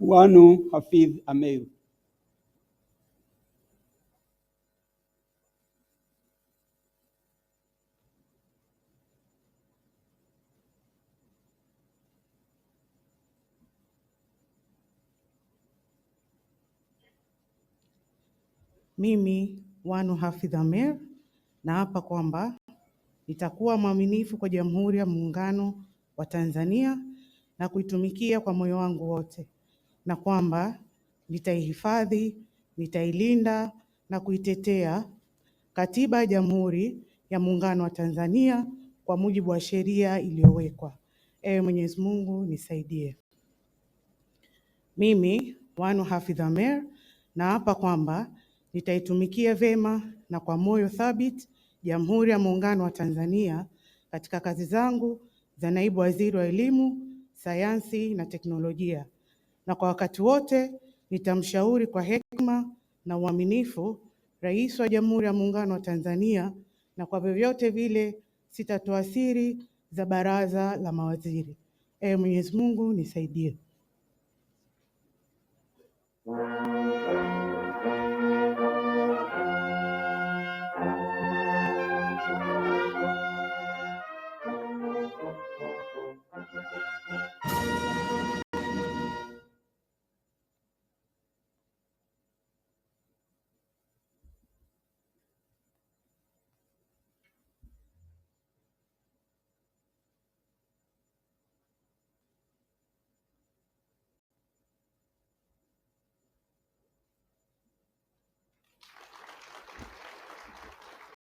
Wanu Hafidh Ameir. Mimi Wanu Hafidh Ameir naapa kwamba nitakuwa mwaminifu kwa Jamhuri ya Muungano wa Tanzania na kuitumikia kwa moyo wangu wote na kwamba nitaihifadhi, nitailinda na kuitetea Katiba ya Jamhuri ya Muungano wa Tanzania kwa mujibu wa sheria iliyowekwa. Ewe Mwenyezi Mungu nisaidie. Mimi Wanu Hafidh Amer naapa kwamba nitaitumikia vyema na kwa moyo thabiti Jamhuri ya Muungano wa Tanzania katika kazi zangu za naibu waziri wa elimu, sayansi na teknolojia na kwa wakati wote nitamshauri kwa hekima na uaminifu Rais wa Jamhuri ya Muungano wa Tanzania na kwa vyovyote vile sitatoa siri za Baraza la Mawaziri. Ee Mwenyezi Mungu nisaidie.